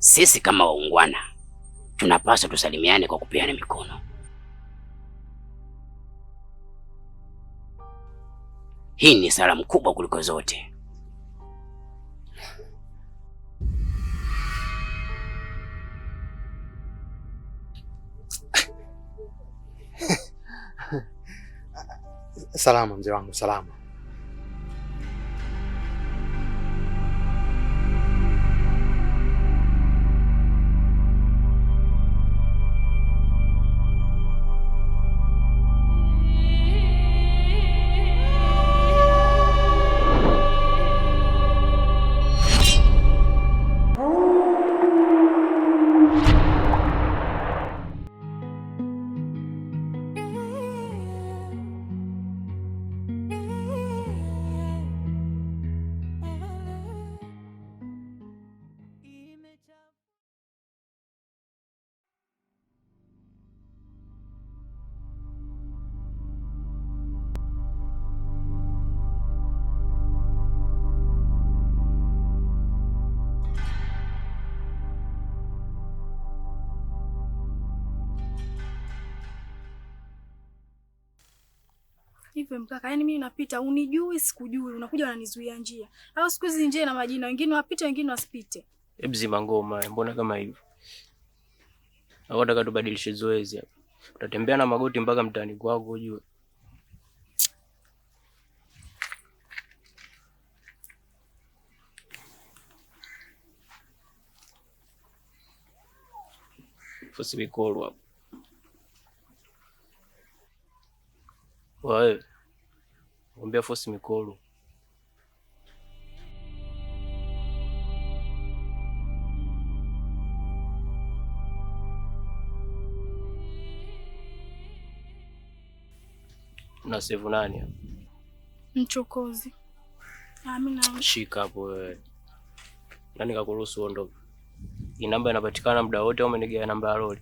Sisi kama waungwana tunapaswa tusalimiane kwa kupeana mikono. Hii ni salamu kubwa kuliko zote. Salama mzee wangu, salama. nipe mkaka. Yaani mimi napita, unijui sikujui, unakuja unanizuia njia. Au siku hizi njia na majina, wengine wapite, wengine wasipite. Hebu zima ngoma, mbona kama hivyo? Au nataka tubadilishe zoezi hapa. Utatembea na magoti mpaka mtaani kwako ujue. Fosibikolwa. Wae. Mwambia Fosi Mikolu. Na sevu nani? Mchokozi. Amina. Shika hapo wewe. Nani kakuruhusu uondoke? Hii namba inapatikana muda wote au umenigea namba ya lori?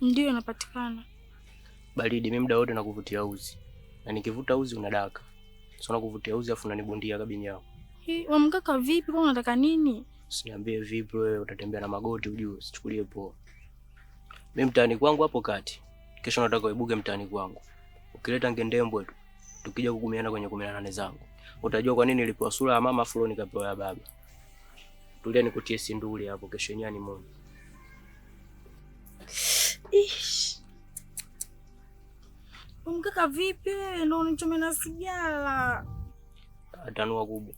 Ndio inapatikana. Baridi mimi muda wote nakuvutia uzi na nikivuta uzi unadaka. Sasa nakuvutia uzi afu unanibundia kabini yao. Hii wa mkaka vipi? Kwa unataka nini? Usiniambie vipi wewe, utatembea na magoti ujue, usichukulie poa. Mimi mtaani kwangu hapo kati. Kesho nataka uibuke mtaani kwangu. Ukileta ngendembwe tu. Tukija kugumiana kwenye 18 zangu. Utajua kwa nini nilipewa sura ya mama afu nikapewa ya baba. Tulia nikutie sinduli hapo kesho nyani muone. Ish. Mkaka vipi? Ndio unichome na sigara. Atanua kubwa.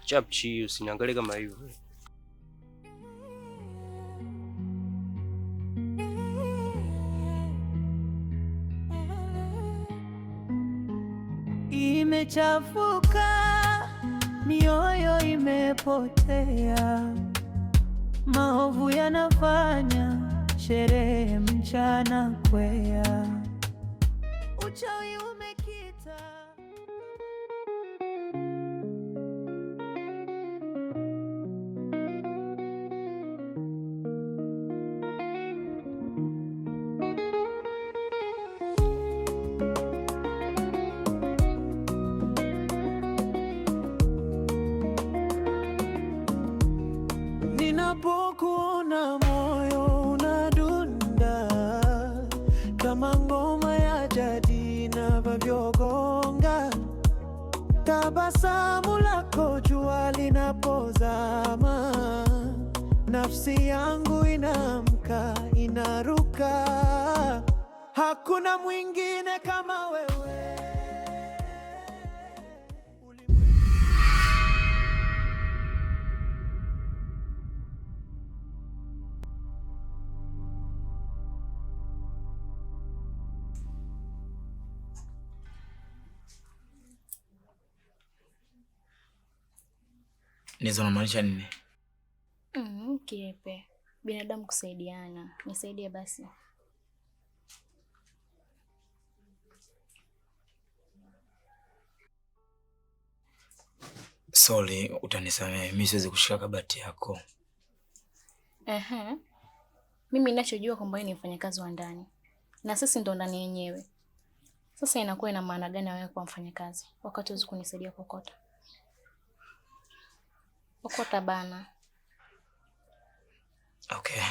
Chapchi, usiniangalie kama hivyo. Imechafuka, mioyo imepotea, maovu yanafanya sherehe mchana kwea nafsi yangu inamka, inaruka, hakuna mwingine kama wewe. Nizo namaanisha nini? Kiepe, binadamu kusaidiana, nisaidie basi. Sori, utanisamehe, mi siwezi kushika kabati yako. Ehe, Mimi ninachojua kwamba yeye ni mfanyakazi wa ndani na sisi ndo ndani yenyewe. Sasa inakuwa ina maana gani wewe kuwa mfanyakazi wakati huwezi kunisaidia kokota? Kokota bana. Okay.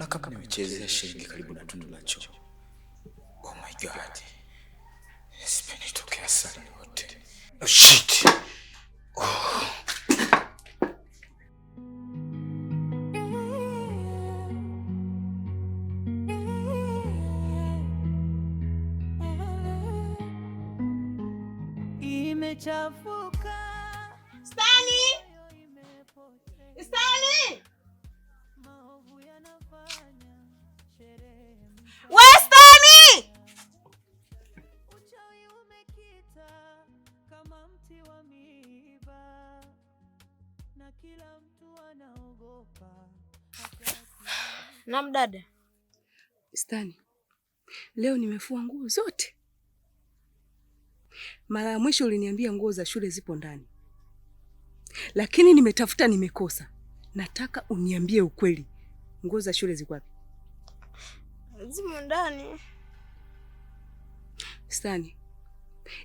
na kama nimechezea shilingi karibu na tundu la choo. Oh my god, sipendi sana yote. Oh shit. Oh. Imechafu dada? Stani, leo nimefua nguo zote. Mara ya mwisho uliniambia nguo za shule zipo ndani, lakini nimetafuta nimekosa. Nataka uniambie ukweli, nguo za shule ziko wapi? Zimo ndani. Stani,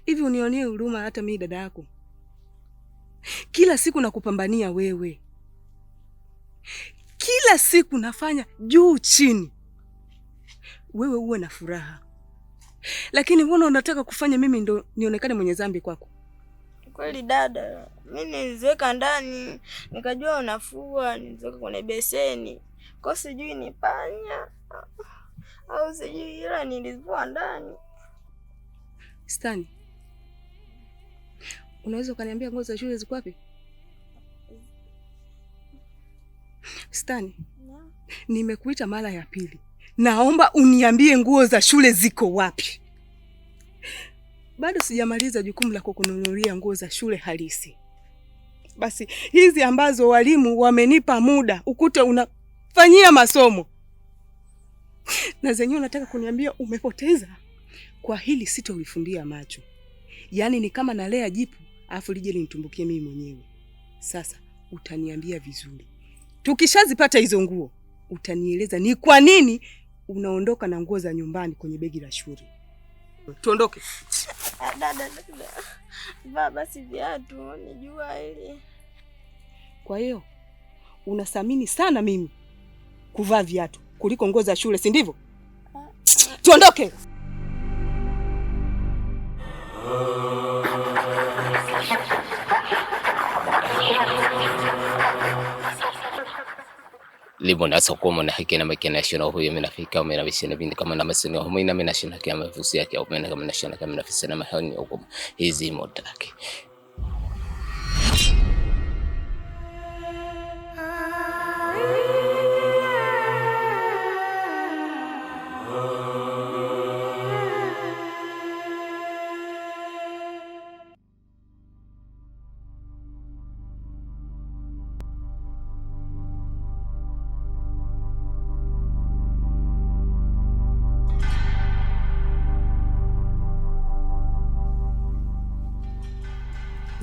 hivi unionie huruma hata mimi dada yako. Kila siku nakupambania wewe, kila siku nafanya juu chini, wewe uwe na furaha. Lakini mbona unataka kufanya mimi ndo nionekane mwenye dhambi kwako? Kweli dada, mimi niliziweka ndani, nikajua unafua, niliziweka kwenye beseni ko sijui ni panya au sijui, ila nilivua ndani stani. Unaweza ukaniambia nguo za shule ziko wapi? Stani, nimekuita mara ya pili, naomba uniambie nguo za shule ziko wapi? Bado sijamaliza jukumu la kukununulia nguo za shule halisi. Basi hizi ambazo walimu wamenipa muda ukute unafanyia masomo, na zenyewe unataka kuniambia umepoteza. Kwa hili sitoifumbia macho, yaani ni kama nalea jipu afu lije linitumbukie mimi mwenyewe. Sasa utaniambia vizuri Tukishazipata hizo nguo, utanieleza ni kwa nini unaondoka na nguo za nyumbani kwenye begi la shule. Tuondoke. Ah, dada, vaa basi viatu nijua ile. Kwa hiyo unathamini sana mimi kuvaa viatu kuliko nguo za shule, si ndivyo? Tuondoke. Ah. libon na soko mo na hiki na makina shona huyo mina fika mina bisina bindi kama na masina huyo mina mina shina kama fusi yake au mina kama na shina kama na visi na mahoni huko hizi motaki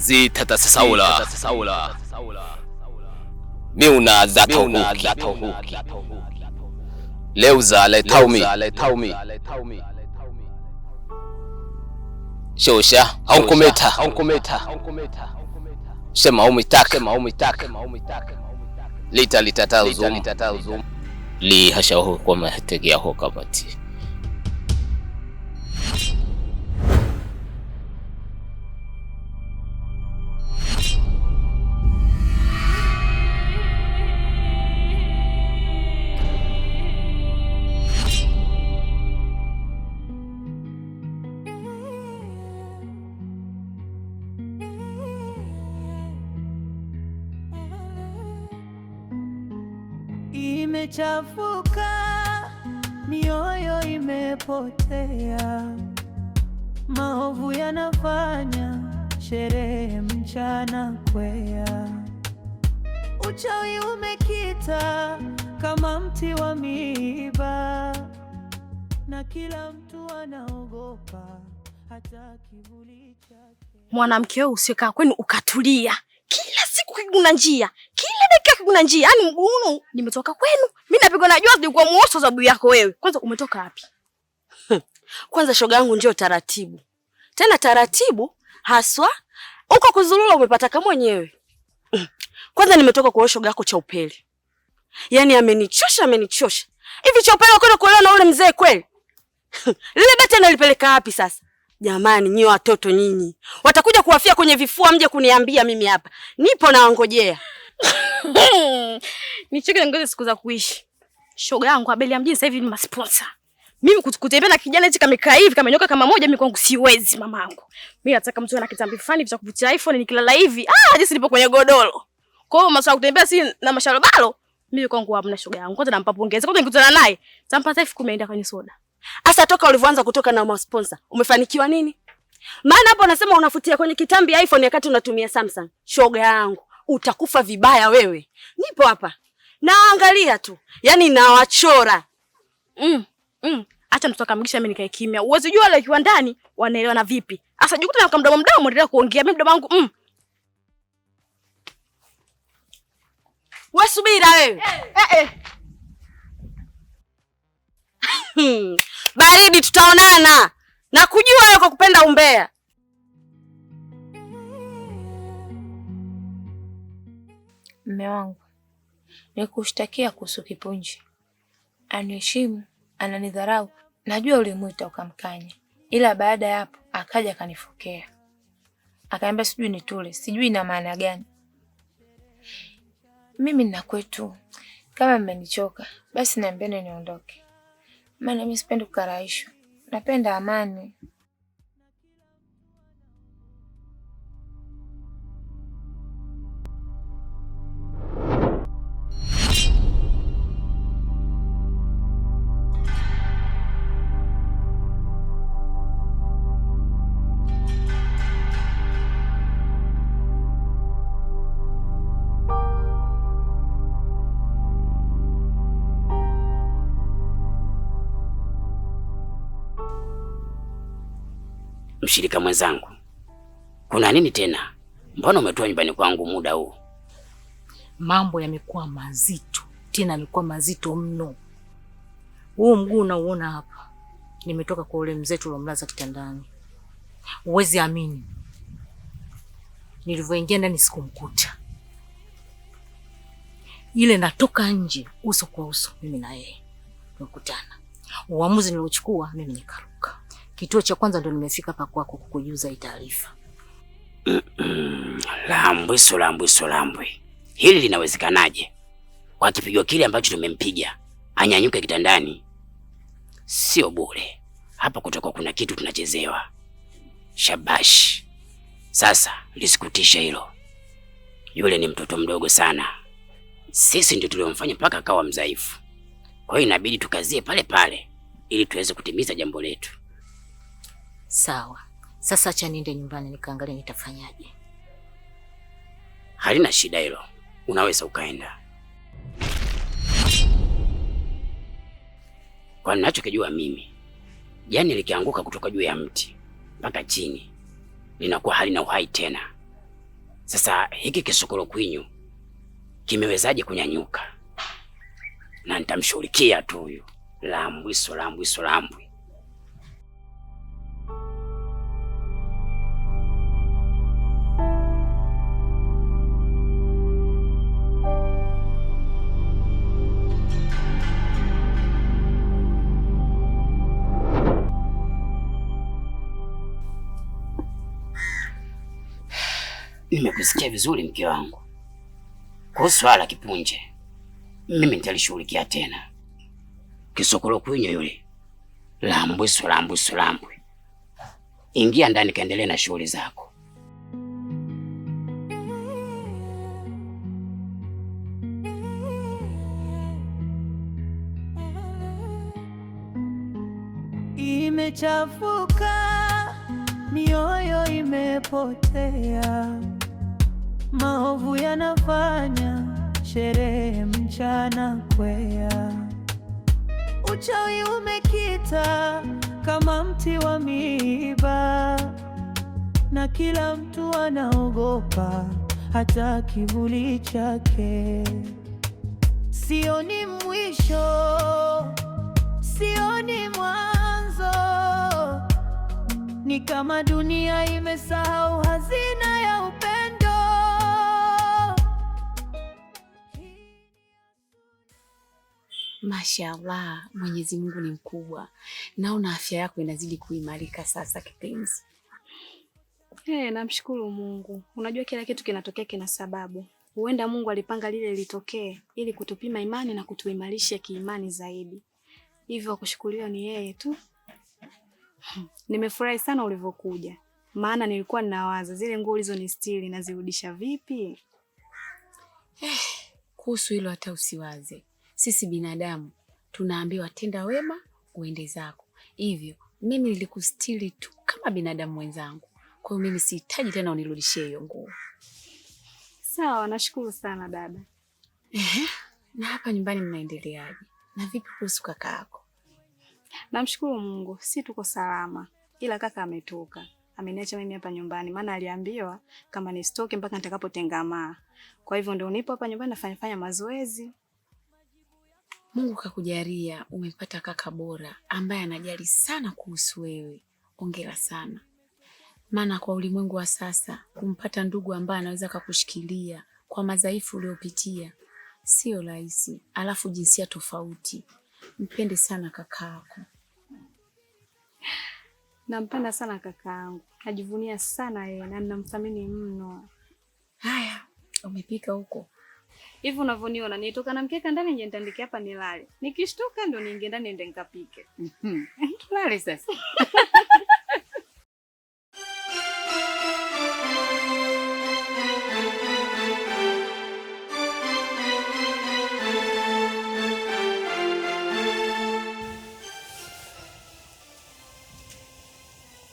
zitatasasawula miuna dhatohu leuza letaumi shosha haunkumeta shema umitaka lita litatazum lihashaho kwamategeaho kamati imechafuka, mioyo imepotea, maovu yanafanya sherehe mchana kwea, uchawi umekita kama mti wa miiba, na kila mtu anaogopa hata kivuli chake. Mwanamke wewe usiokaa kwenu ukatulia, kila siku kiguna njia kila kila kuna njia. Yaani mguno nimetoka kwenu. Mimi napigwa na jua nilikuwa muoso sababu yako wewe. Kwanza umetoka wapi? Kwanza shoga yangu njoo taratibu. Tena taratibu haswa uko kuzulula umepata kama mwenyewe. Kwanza nimetoka kwa shoga yako cha upeli. Yaani amenichosha amenichosha. Hivi cha upeli kwenda kuolewa na ule mzee kweli? Lile bete nalipeleka wapi sasa? Jamani, nyie watoto nyinyi watakuja kuwafia kwenye vifua, mje kuniambia mimi hapa. Nipo nawangojea nicheke niongeze siku za kuishi. Shoga yangu Abeli ya mjini sasa hivi ni masponsa. Mimi kutembea na kijana hichi kamekaa hivi kama nyoka kama moja, mimi kwangu siwezi mamangu. Mimi nataka mtu ana kitambi fulani cha kuvutia iPhone, nikilala hivi ah, jinsi nipo kwenye godoro. Kwa hiyo masuala kutembea si na masharobalo, mimi kwangu hamna. Shoga yangu kwanza nampa pongezi, kwanza nikutana naye tampa elfu kumi kumeenda kwenye soda. Asa toka ulivyoanza kutoka na masponsa umefanikiwa nini? Maana hapo unasema unafutia kwenye kitambi iPhone wakati unatumia Samsung. Shoga yangu utakufa vibaya wewe. Nipo hapa naangalia tu, yaani nawachora mm, mm. Acha mtoto akamgisha mimi nikae kimya. Uwezi jua wale kiwa ndani wanaelewa na vipi. Sasa jikuta na mdomo mdomo mwendelea kuongea mimi mdomo wangu mm. Wewe subira wewe. Eh eh. Hmm. Baridi tutaonana. Nakujua wewe kwa kupenda umbea. Mme wangu nikushtakia kuhusu Kipunji. Aniheshimu, ananidharau. Najua ulimwita ukamkanya, ila baada ya hapo akaja akanifokea, akaambia sijui nitule, sijui ina maana gani. Mimi nina kwetu, kama mmenichoka basi niambieni niondoke, maana mimi sipendi kukaraishwa, napenda amani. Mshirika mwenzangu, kuna nini tena? Mbona umetoa nyumbani kwangu muda huu? Mambo yamekuwa mazito tena, yamekuwa mazito mno. Huu mguu unauona hapa, nimetoka kwa ule mzee tuliomlaza kitandani. Uwezi amini, nilivyoingia ndani sikumkuta, ile natoka nje uso kwa uso, mimi na yeye tukutana. Uamuzi niliochukua mimi nikarudi Kituo cha kwanza ndo nimefika pa kwako kukujuza hii taarifa. Lambwe so lambwe so lambwe, hili linawezekanaje? Kwa kipigo kile ambacho tumempiga anyanyuke kitandani, sio bure. Hapa kutakuwa kuna kitu tunachezewa. Shabash! Sasa lisikutisha hilo, yule ni mtoto mdogo sana, sisi ndio tuliomfanya mpaka akawa mdhaifu. Kwa hiyo inabidi tukazie pale pale ili tuweze kutimiza jambo letu. Sawa, sasa acha niende nyumbani nikaangalie nitafanyaje. Halina shida hilo, unaweza ukaenda, kwa ninachokijua mimi, jani likianguka kutoka juu ya mti mpaka chini linakuwa halina uhai tena. Sasa hiki kisokolo kwinyu kimewezaje kunyanyuka? Na nitamshughulikia tu huyu lambwi, solambwi solambwi nimekusikia vizuri mke wangu. Kuhusu swala kipunje, mimi nitalishughulikia tena. Kisokolo kwenye yule lambwisu lambwisu lambwi ingia ndani, kaendelee na shughuli zako. Imechafuka, mioyo imepotea maovu yanafanya sherehe mchana kwea, uchawi umekita kama mti wa miiba, na kila mtu anaogopa hata kivuli chake. Sioni mwisho, sioni mwanzo, ni kama dunia imesahau hazina Mashallah, Mwenyezi Mungu ni mkubwa. Naona afya yako inazidi kuimarika sasa kipenzi. Hey, eh, namshukuru Mungu. Unajua kila kitu kinatokea kina sababu. Huenda Mungu alipanga lile litokee ili kutupima imani na kutuimarisha kiimani zaidi. Hivyo kushukuriwa ni yeye tu. Nimefurahi sana ulivyokuja, maana nilikuwa ninawaza zile nguo ulizonistiri nazirudisha vipi. Eh, kuhusu hilo hata usiwaze sisi binadamu tunaambiwa tenda wema uende zako. Hivyo mimi nilikustiri tu kama binadamu mwenzangu, kwa hiyo mimi sihitaji tena unirudishie hiyo nguo. Sawa, nashukuru sana dada. Ehe, na hapa nyumbani mnaendeleaje? Na vipi kuhusu kaka yako? Namshukuru Mungu, si tuko salama, ila kaka ametoka ameniacha mimi hapa nyumbani, maana aliambiwa kama nisitoke mpaka nitakapotengamaa. Kwa hivyo ndio nipo hapa nyumbani nafanyafanya mazoezi Mungu kakujalia, umepata kaka bora ambaye anajali sana kuhusu wewe. Ongera sana, maana kwa ulimwengu wa sasa kumpata ndugu ambaye anaweza kakushikilia kwa madhaifu uliopitia sio rahisi, alafu jinsia tofauti. Mpende sana kaka yako. Nampenda sana kaka yangu, najivunia sana yeye na namthamini mno. Haya, umepika huko hivi unavyoniona, nitoka na mkeka ndani nje, nitandike hapa nilale, nikishtuka ndo niingie ndani Mhm. Mm Lale sasa.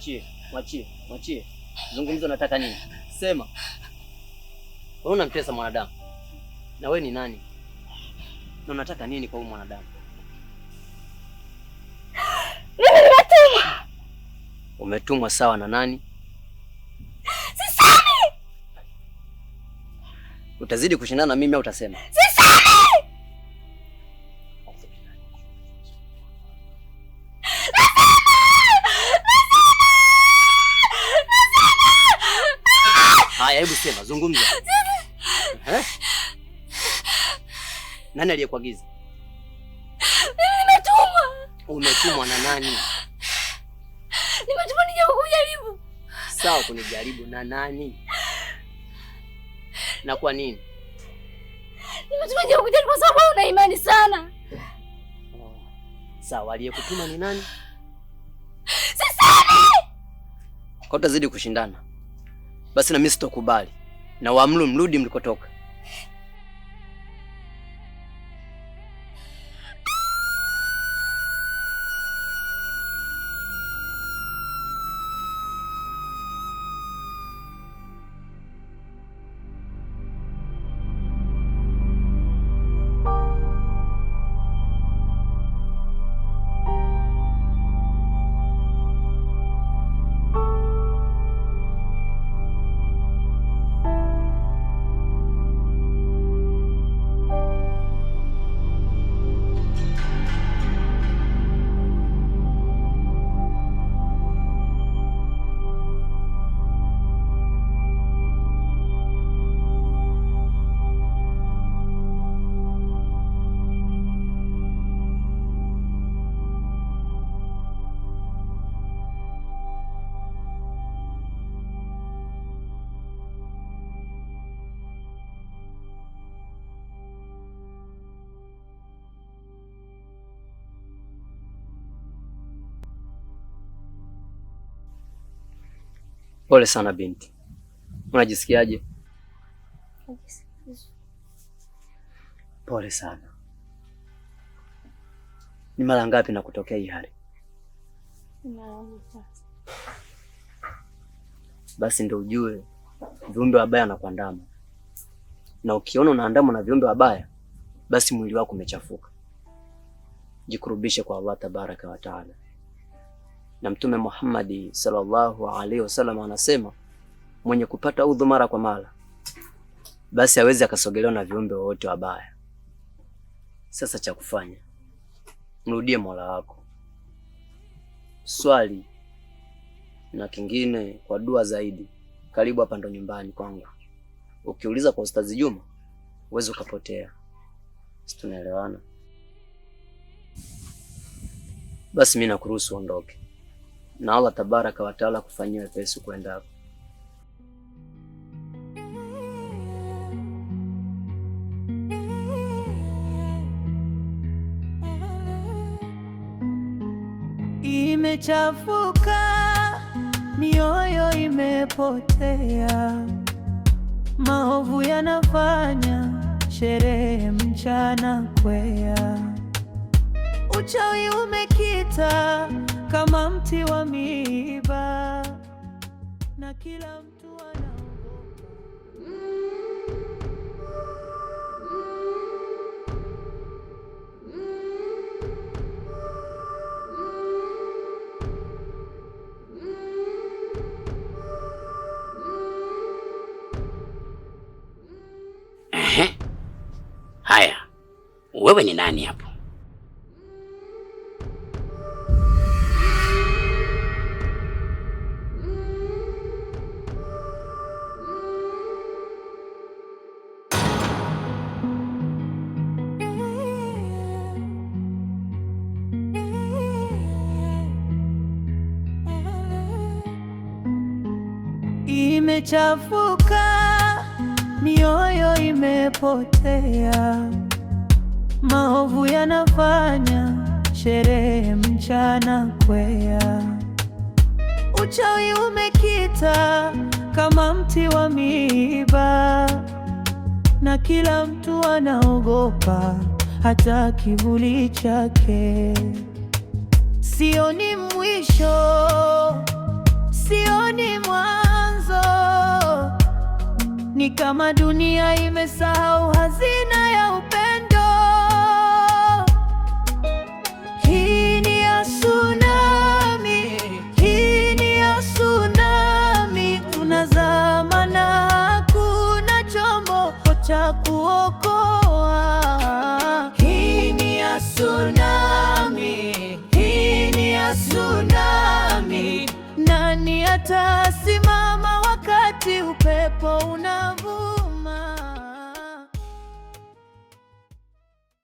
Mwachie, mwachie, mwachie. Zungumza, nataka nini? Sema. Wewe unamtesa mwanadamu, na wewe ni nani? Na unataka nini kwa huyu mwanadamu? Mimi nimetumwa. Umetumwa sawa na nani? Sisemi. Utazidi kushindana na mimi au utasema? Sisemi. sema, zungumza. Eh? Nani aliyekuagiza? Nimetumwa. Umetumwa na nani? Nimetumwa nije kukujaribu. Sawa, kunijaribu na nani? Na kwa nini? Nimetumwa nije kukujaribu kwa sababu una imani sana. Oh. Sawa, aliyekutuma ni nani? Sasa. Kwa utazidi kushindana basi na mimi sitokubali na waamuru mrudi mlikotoka. Pole sana binti, unajisikiaje? Pole sana. Ni mara ngapi na kutokea hii hali? Basi ndio ujue viumbe wabaya anakuandama, na ukiona unaandama na viumbe wabaya, basi mwili wako umechafuka. Jikurubishe kwa Allah tabaraka wa taala na Mtume Muhammad sallallahu alaihi wasallam anasema mwenye kupata udhu mara kwa mara basi hawezi akasogelewa na viumbe wowote wabaya. Sasa cha kufanya, mrudie Mola wako, swali na kingine kwa dua zaidi. Karibu hapa ndo nyumbani kwangu, ukiuliza kwa Ustazi Juma huwezi ukapotea. Si tunaelewana? Basi mi nakuruhusu uondoke na Allah tabaraka wataala kufanyia wepesi kwenda hapo. Imechafuka, mioyo imepotea, maovu yanafanya sherehe mchana kwea, uchawi umekita kama mti wa miiba na kila mtu ana Haya, wewe ni nani hapo? imechafuka, mioyo imepotea, maovu yanafanya sherehe mchana kwea, uchawi umekita kama mti wa miiba, na kila mtu anaogopa hata kivuli chake. Sioni mwisho sioni mwanzo, ni kama dunia imesahau hazina ya upendo. Hii ni ya tsunami, hii ni ya tsunami, tunazama na hakuna chombo cha kuokoa. Hii ni ya tsunami. hata wakati upepo unavuma.